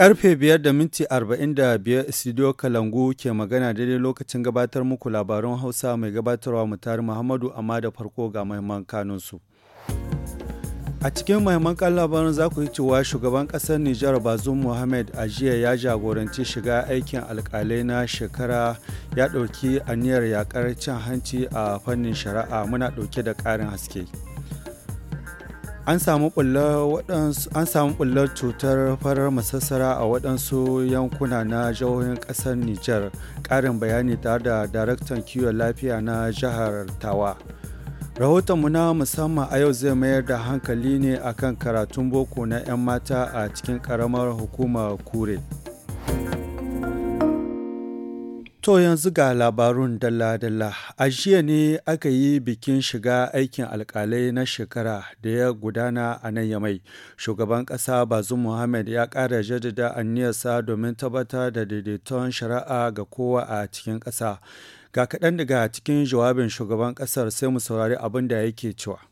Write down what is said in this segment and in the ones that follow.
Karfe biyar da minti biyar Studio Kalangu ke magana daidai lokacin gabatar muku labaran Hausa mai gabatarwa mutari Muhammadu amma da farko ga mahimman kanunsu. A cikin mahimman kan labarin za ku yi cewa shugaban ƙasar Nijar bazum Mohamed a jiya ya jagoranci shiga aikin alkalai na shekara ya ɗauki aniyar yaƙar cin hanci a fannin shari'a muna ɗauke da ƙarin haske. an samu bullar cutar farar masassara a waɗansu yankuna na jihohin ƙasar Nijar. Ƙarin bayani tare da daraktan kiwon lafiya na jihar Tawa. Rahoton mu na musamman a yau zai mayar da hankali ne akan karatun boko na 'yan mata a cikin ƙaramar hukumar Kure. To yanzu ga labarun dalla-dalla. A jiya ne aka yi bikin shiga aikin alkalai na shekara da ya gudana a nan yamai. Shugaban ƙasa Bazum Muhammad ya ƙara jaddada aniyarsa domin tabbatar da daidaiton shari'a ga kowa a cikin ƙasa. Ga kaɗan daga cikin jawabin shugaban ƙasar sai mu saurari abin da yake cewa.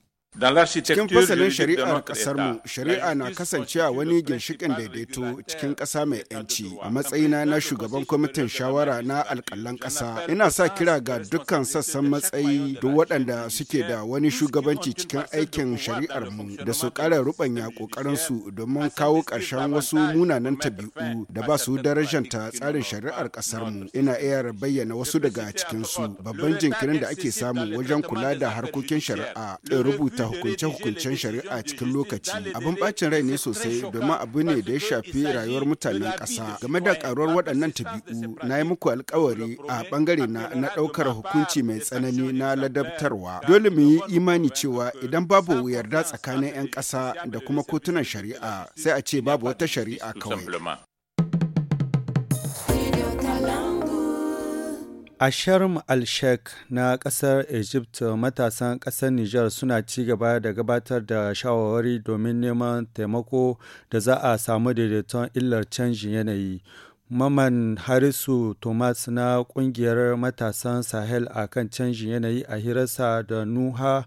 Cikin fasalin shari'ar ƙasarmu, shari'a na kasancewa wani ginshiƙin daidaito cikin ƙasa mai 'yanci. A matsayina na shugaban kwamitin shawara na alƙalan ƙasa, ina sa kira ga dukkan sassan matsayi duk waɗanda suke da wani shugabanci cikin aikin shari'ar mu da su ƙara rubanya ruɓanya su domin kawo ƙarshen wasu munanan tabi'u da ba su darajanta tsarin shari'ar ƙasar mu Ina iya bayyana wasu daga cikin su. Babban jinkirin da ake samu wajen kula da harkokin shari'a, rubuta ta hukunce-hukuncen shari'a cikin lokaci abin bacin rai ne sosai domin abu ne da ya shafi rayuwar mutanen ƙasa game da karuwar waɗannan tabi'u na yi muku alkawari a bangare na na ɗaukar hukunci mai tsanani na ladabtarwa dole mu yi imani cewa idan babu yarda tsakanin 'yan ƙasa da kuma kotunan shari'a sai a ce babu wata shari'a kawai A Sharm al sheikh na ƙasar Egypt matasan ƙasar Nijar suna ci gaba da gabatar da shawarwari domin neman taimako da za a samu daidaiton illar canjin yanayi. Maman Harisu Thomas na ƙungiyar matasan Sahel a kan canjin yanayi a hirarsa da Nuha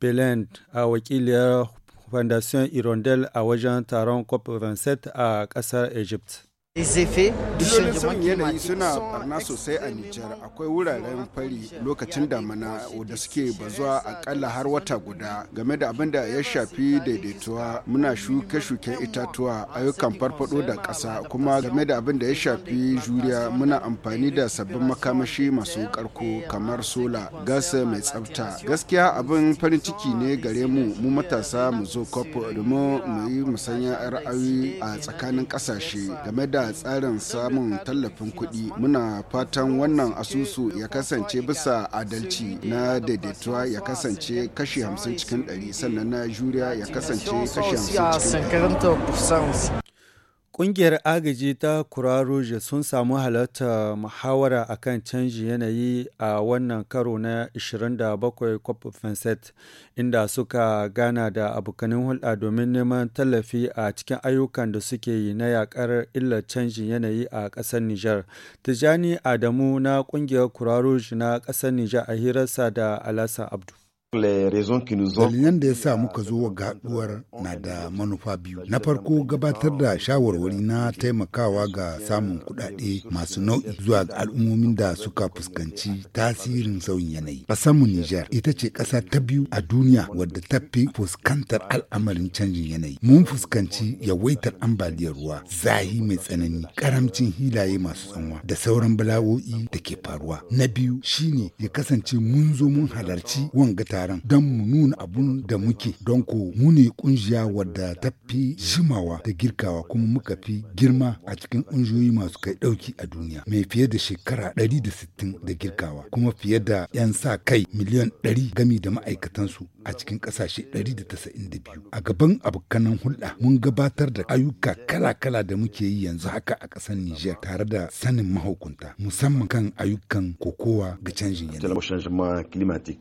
Belend a wakiliyar Fondation Irondel a wajen taron COP27 a ƙasar Egypt. Dole yanayi suna barna sosai a Nijar akwai wuraren fari lokacin damana da suke bazuwa akalla har wata guda game da abin da ya shafi daidaituwa muna shuke-shuken itatuwa ayyukan farfado da ƙasa kuma game da abin da ya shafi juriya muna amfani da sabbin makamashi masu karko kamar sola gas mai tsafta gaskiya abin farin ciki ne gare mu mu matasa mu zo kofo domin mu yi musanya ra'ayi a tsakanin ƙasashe game da tsarin samun tallafin kuɗi muna fatan wannan asusu ya kasance bisa adalci na daidaituwa ya kasance kashi 50 cikin 100 sannan na juriya ya kasance kashi 50 cikin 100 Ƙungiyar agaji ta Roja sun samu halartar muhawara akan canji yanayi a wannan karo na 27 cop Fenset, inda suka gana da abokanin hulɗa domin neman tallafi a cikin ayyukan da suke yi na yaƙar illar canjin yanayi a ƙasar Nijar. Tijani Adamu na ƙungiyar Roja na ƙasar Nijar a hirarsa da Alasa Abdu. Dalilan da ya sa muka zo wa gaduwar na da manufa biyu. Na farko gabatar da shawarwari na taimakawa ga samun kudade masu nau'i zuwa ga al'ummomin da suka fuskanci tasirin sauyin yanayi. Kasanmu Nijar ita ce ƙasa ta biyu a duniya wadda ta fi fuskantar al'amarin canjin yanayi. Mun fuskanci yawaitar ambaliyar ruwa, zahi mai tsanani, karamcin hilaye masu tsanwa da sauran bala'o'i da ke faruwa. Na biyu shine ya kasance mun zo mun halarci wanga taron don mu nuna abun da muke don ko mu ne kungiya wadda ta fi jimawa da girkawa kuma muka fi girma a cikin kungiyoyi masu kai dauki a duniya mai fiye da shekara 160 da girkawa kuma fiye da 'yan sa kai miliyan 100 gami da ma'aikatansu a cikin kasashe 192 a gaban abokanan hulɗa mun gabatar da ayyuka kala-kala da muke yi yanzu haka a ƙasar Nijar tare da sanin mahukunta musamman kan ayyukan kokowa ga canjin yanayi.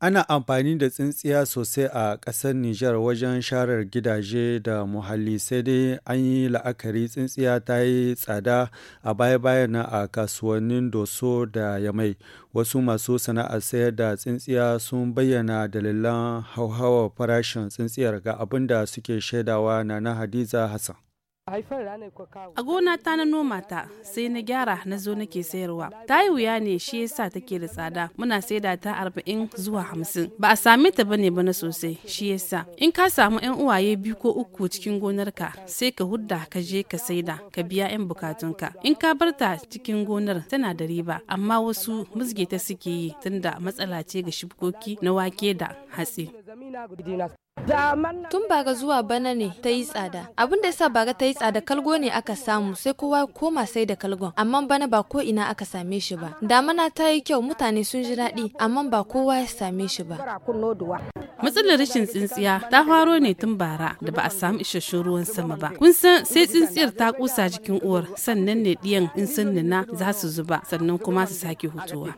Ana amfani da tsintsiya sosai a ƙasar Nijar wajen sharar gidaje da muhalli sai dai an yi la'akari tsintsiya ta yi tsada a baya-bayan na a kasuwannin Doso da Yamai. Wasu masu sana'ar sayar da tsintsiya sun bayyana dalilan hauhawar farashin tsintsiyar ga abin da suke shaidawa na Hadiza Hassan. A gona ta na noma ta sai na gyara na zo nake sayarwa. Ta yi wuya ne shi yasa take da tsada. Muna saida ta arba'in zuwa hamsin. Ba a same ta bane na sosai shi yasa. In ka samu yan uwaye biyu ko uku cikin gonarka sai ka hudda ka je ka saida ka biya yan bukatunka. In ka bar ta cikin gonar tana da riba amma wasu musgeta suke yi tunda matsala ce ga shibkoki na wake da hatsi. Tun ba ga zuwa bana ne ta yi tsada. Abin da yasa ga ta yi tsada kalgo ne aka samu sai kowa koma sai da kalgon. Amma bana ba ko ina aka same shi ba. Damana ta yi kyau mutane sun ji daɗi amma ba kowa ya same shi ba. Matsalar rashin tsintsiya ta faro ne tun bara da ba a samu isasshen ruwan sama ba. Kun san sai tsintsiyar ta kusa jikin uwar sannan ne ɗiyan in sun nuna za su zuba sannan kuma su sake hutuwa.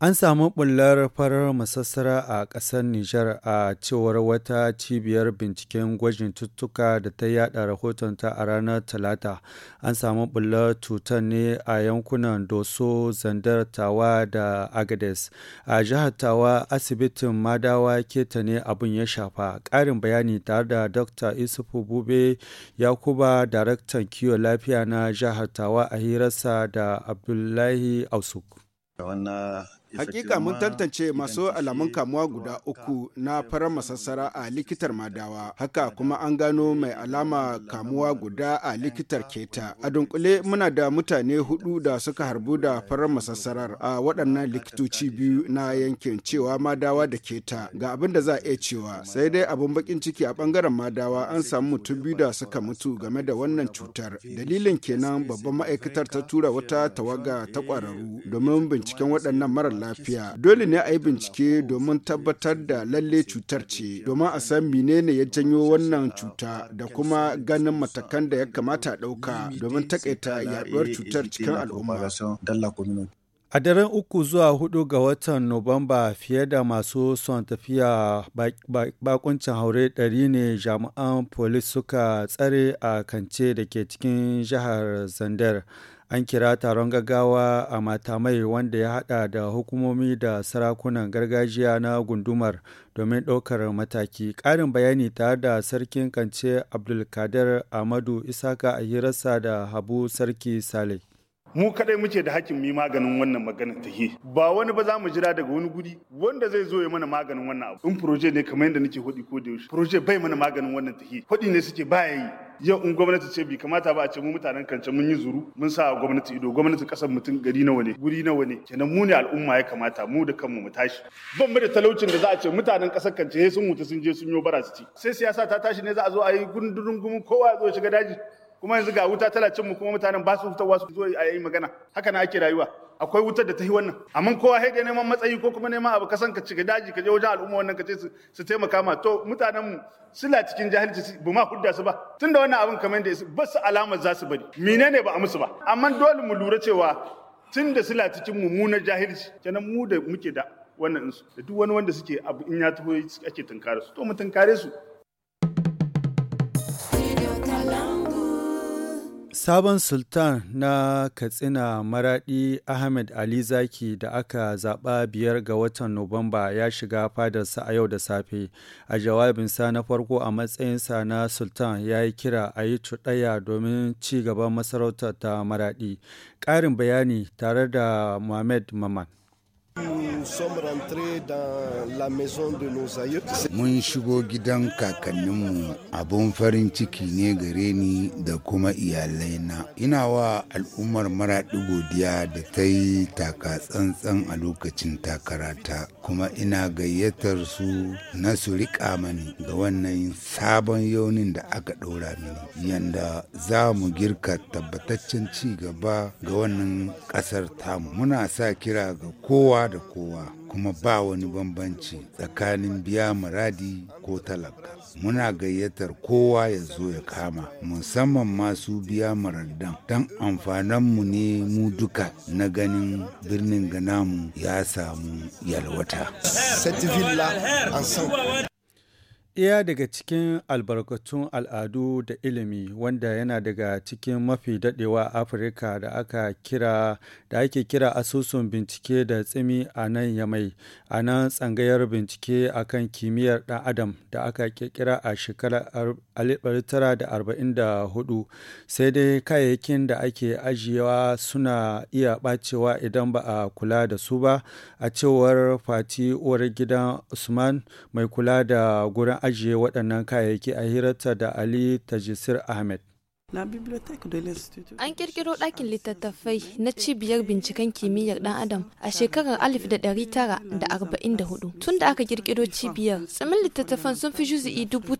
An samu bullar farar masassara a ƙasar Nijar a cewar wata cibiyar binciken gwajin tuttuka da ta yada rahotonta a ranar Talata. An samu bullar cutar ne a yankunan Doso, Zandar, Tawa da Agades. A jihar Tawa, asibitin Madawa keta ne abin ya shafa. Ƙarin bayani tare da Dr. Isufu Bube Yakuba, daraktan kiwon lafiya na jihar Tawa a hirarsa da Abdullahi Ausuk. Hakika mun tantance masu alamun kamuwa guda uku na farar masassara a likitar madawa. Haka kuma an gano mai alama kamuwa guda a likitar keta. A dunkule muna da mutane hudu da suka harbu da farar masassarar a waɗannan likitoci biyu na yankin cewa madawa da keta. Ga abin da za a iya cewa sai dai abin bakin ciki a bangaren madawa an samu mutum biyu da suka mutu game da wannan cutar. Dalilin kenan babban ma'aikatar ta tura wata tawaga ta kwararru domin binciken waɗannan mara lafiya dole ne a yi bincike domin tabbatar da lalle cutar ce domin a san menene ya janyo wannan cuta da kuma ganin matakan da ya kamata a ɗauka domin takaita yaduwar cutar cikin al'umma. A daren uku zuwa hudu ga watan Nuwamba fiye da masu son tafiya bakuncin haure 100 ne jami'an polis suka tsare a kance da ke cikin jihar Zandar. an kira taron gaggawa a matamai wanda ya hada da hukumomi da sarakunan gargajiya na gundumar domin ɗaukar mataki ƙarin bayani tare da sarkin kance abdulkadir amadu isaka a hirarsa da habu sarki saleh mu kadai muke da hakkin mi maganin wannan maganin take ba wani ba za mu jira daga wani guri wanda zai zo ya mana maganin wannan abu in proje ne kamar yadda nake hudi ko da yaushe proje bai mana maganin wannan take hudi ne suke baya yi yau in gwamnati ce bai kamata ba a ce mu mutanen kance mun yi zuru mun sa gwamnati ido gwamnati kasar mutum gari nawa ne guri nawa ne kenan mu ne al'umma ya kamata mu da kanmu mu tashi ban mu da talaucin da za a ce mutanen kasar kance sun wuta sun je sun yo bara su ci sai siyasa ta tashi ne za a zo a yi gundurun gumu kowa ya zo shiga daji kuma yanzu ga wuta tana cin mu kuma mutanen ba su hutawa su zo a yi magana haka na ake rayuwa akwai wutar da ta yi wannan amma kowa sai da neman matsayi ko kuma neman abu kasan ka cika daji ka je wajen al'umma wannan ka ce su taimaka ma to mutanen mu suna cikin jahilci ba ma hudda su ba tunda wannan abin kamar da ba su alamar za su bari menene ba a musu ba amma dole mu lura cewa tunda suna cikin mummunar jahilci kenan mu da muke da wannan insu da duk wani wanda suke abu in ya taho ake tunkare su to mu tunkare su Sabon Sultan na Katsina Maraɗi Ahmed Ali Zaki da aka zaɓa biyar ga watan Nuwamba ya shiga fadarsa a yau da safe. A jawabinsa na farko a matsayinsa na Sultan ya yi kira a yi cuɗaya domin ci gaban masarautar ta Maraɗi. Ƙarin bayani tare da Mohamed Maman. sommes rentrés dans la maison de nos aïeux. Mun shigo gidan kakanninmu abun farin ciki ne gare ni da kuma iyalai na. Ina wa al'ummar maraɗi godiya da ta yi taka tsantsan a lokacin takarata kuma ina gayyatar su na su riƙa mani ga wannan sabon yaunin da aka ɗora mini yanda za mu girka tabbataccen ci gaba ga wannan ƙasar tamu. Muna sa kira ga kowa da kowa kuma ba wani bambanci tsakanin biya muradi ko talaka muna gayyatar kowa ya zo ya kama musamman masu biya maradan. don amfaninmu ne mu duka na ganin birnin ganamu ya samu yalwata Ɗaya daga cikin albarkatun al'adu da ilimi wanda yana daga cikin mafi daɗewa Afirka da aka kira da ake kira asusun bincike da tsimi a nan yamai a nan tsangayar bincike kan kimiyyar ɗan adam da aka kirkira a shekarar 1944 sai dai kayayyakin da ake ajiyewa suna iya ɓacewa idan ba a kula da su ba a cewar fati uwar gidan Usman mai kula da gurin ajiye waɗannan kayayyaki a hirarta da Ali Tajisir Ahmed. An kirkiro ɗakin littattafai na cibiyar binciken kimiyyar ɗan adam a shekarar 1944. Tun da aka kirkiro cibiyar, tsamin littattafan sun fi juzi'i dubu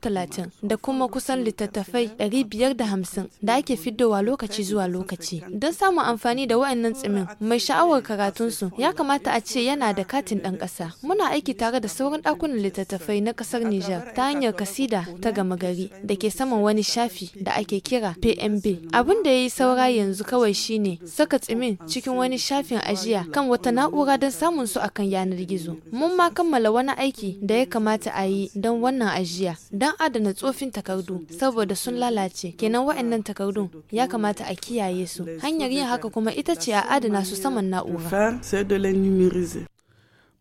da kuma kusan littattafai 550 da ake fidowa lokaci zuwa lokaci. Don samun amfani da wa'annan tsimin mai sha'awar karatunsu ya kamata a ce yana da katin ɗan ƙasa. Muna aiki tare da sauran ɗakunan littattafai na ƙasar Nijar ta hanyar kasida ta gama gari da ke saman wani shafi da ake kira PMB. Abin da ya yi saura yanzu kawai shine saka tsimin cikin wani shafin ajiya kan wata na'ura don samun su akan yanar gizo. Mun ma kammala wani aiki da ya kamata a yi don wannan ajiya don adana tsofin takardu saboda sun lalace kenan wa'annan takardun ya kamata a kiyaye su. Hanyar yin haka kuma ita ce a adana su saman na'ura.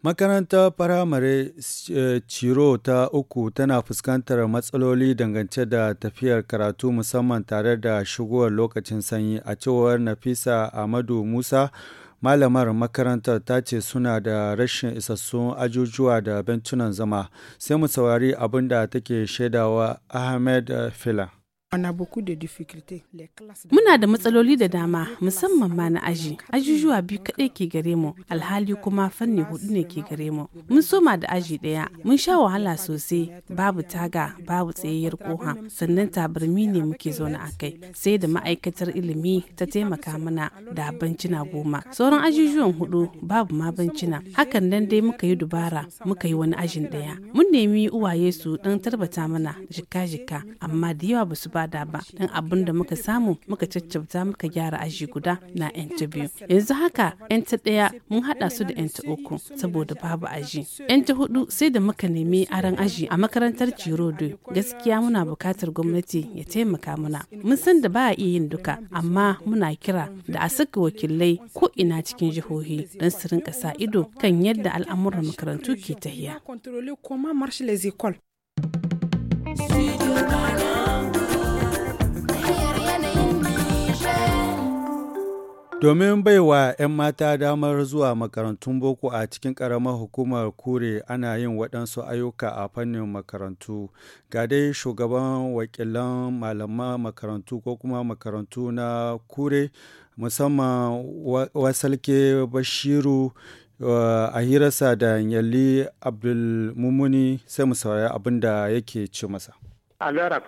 Makarantar Firamare eh, Ciro ta uku tana fuskantar matsaloli dangance da tafiyar karatu musamman tare da shigowar lokacin sanyi a cewar Nafisa Amadu Musa malamar makarantar ta ce suna da rashin isassun ajujuwa da bentunan zama sai mu saurari abin da take shaidawa Ahmed Fila. Muna da matsaloli da dama musamman ma na aji. Ajujuwa biyu kaɗai ke gare mu alhali kuma fanni hudu ne ke gare mu. Mun soma da aji ɗaya, mun sha wahala sosai babu taga babu tsayayyar koha sannan tabarmi ne muke zaune a kai sai da ma'aikatar ilimi ta taimaka mana da bancina goma. Sauran ajujuwan hudu babu ma bancina. Hakan nan dai muka yi dubara muka yi wani ajin ɗaya. Mun nemi uwaye su ɗan tarbata mana jika-jika amma da yawa ba su bada ba dan abin da muka samu muka caccabta muka gyara aji guda na yanta biyu yanzu haka yanta ɗaya mun haɗa su da yanta uku saboda babu aji yanta hudu sai da muka nemi aran aji a makarantar cirodo gaskiya muna buƙatar gwamnati ya taimaka muna mun san da ba a iya yin duka amma muna kira da a saka wakilai ko ina cikin jihohi don su rinka sa ido kan yadda al'amuran makarantu ke tahiya. Studio Mara. Domin baiwa 'yan mata damar zuwa makarantun boko a cikin ƙaramar hukumar kure ana yin waɗansu ayyuka a fannin makarantu. Ga dai shugaban wakilan malaman makarantu ko kuma makarantu na kure musamman wasalke Bashiru eh, a hirarsa da Yalli Abdulmumuni sai mu saurari abin da yake ce masa. A da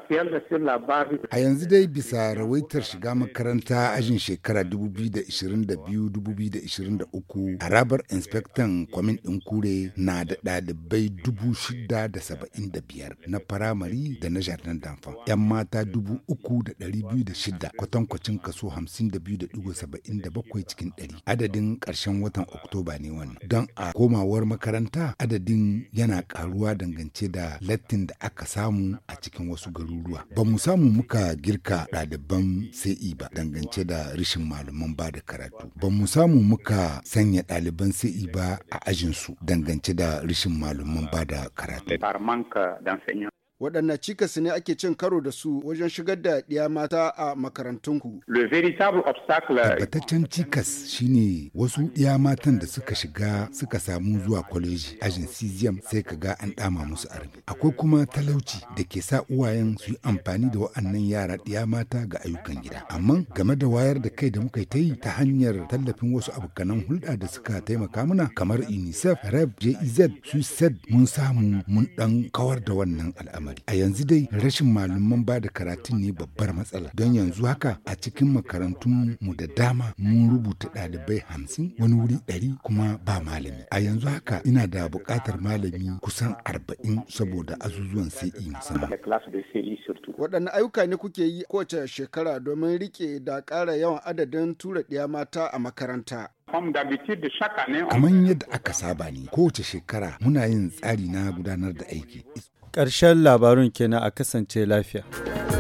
a yanzu dai bisa rawaitar shiga makaranta ajin shekara 2022-2023 harabar inspektan kwamin ɗin kure na da ɗalibai 675 na firamare da na jardin damfan. 'Yan mata 3,206 kwatankwacin kaso 52.77 cikin 100 adadin ƙarshen watan Oktoba ne wani. Don a komawar makaranta adadin yana ƙaruwa dangance da lattin da aka samu a cikin cikin wasu garuruwa ba mu samu muka girka ɗaliban sai e ba dangance da rashin malaman ba da karatu ba mu samu muka sanya ɗaliban sai e ba a ajinsu dangance da rashin malaman ba da karatu waɗanne cikas ne ake cin karo da su wajen shigar da ɗiya mata a makarantunku. Tabbataccen cikas shine wasu ɗiya matan da suka shiga suka samu zuwa kwaleji ajin CZM sai ka ga an ɗama musu armi. Akwai kuma talauci da ke sa uwayen su yi amfani da wa'annan yara ɗiya mata ga ayyukan gida. Amma game da wayar da kai da muka ta yi ta hanyar tallafin wasu abokanan hulɗa da suka taimaka mana kamar UNICEF, REV, JEZ, SUSED mun samu mun ɗan kawar da wannan al'amari. a yanzu dai rashin malaman ba da karatun ne babbar matsala don yanzu haka a cikin makarantun mu da dama mun rubuta ɗalibai hamsin wani wuri ɗari kuma ba malami a yanzu haka ina da buƙatar malami kusan arba'in saboda azuzuwan sai sama. waɗanne ayyuka ne kuke yi kowace shekara domin riƙe da ƙara yawan adadin tura ɗiya mata a makaranta kamar yadda aka saba ne kowace shekara muna yin tsari na gudanar da aiki Ƙarshen labarun kenan a kasance lafiya.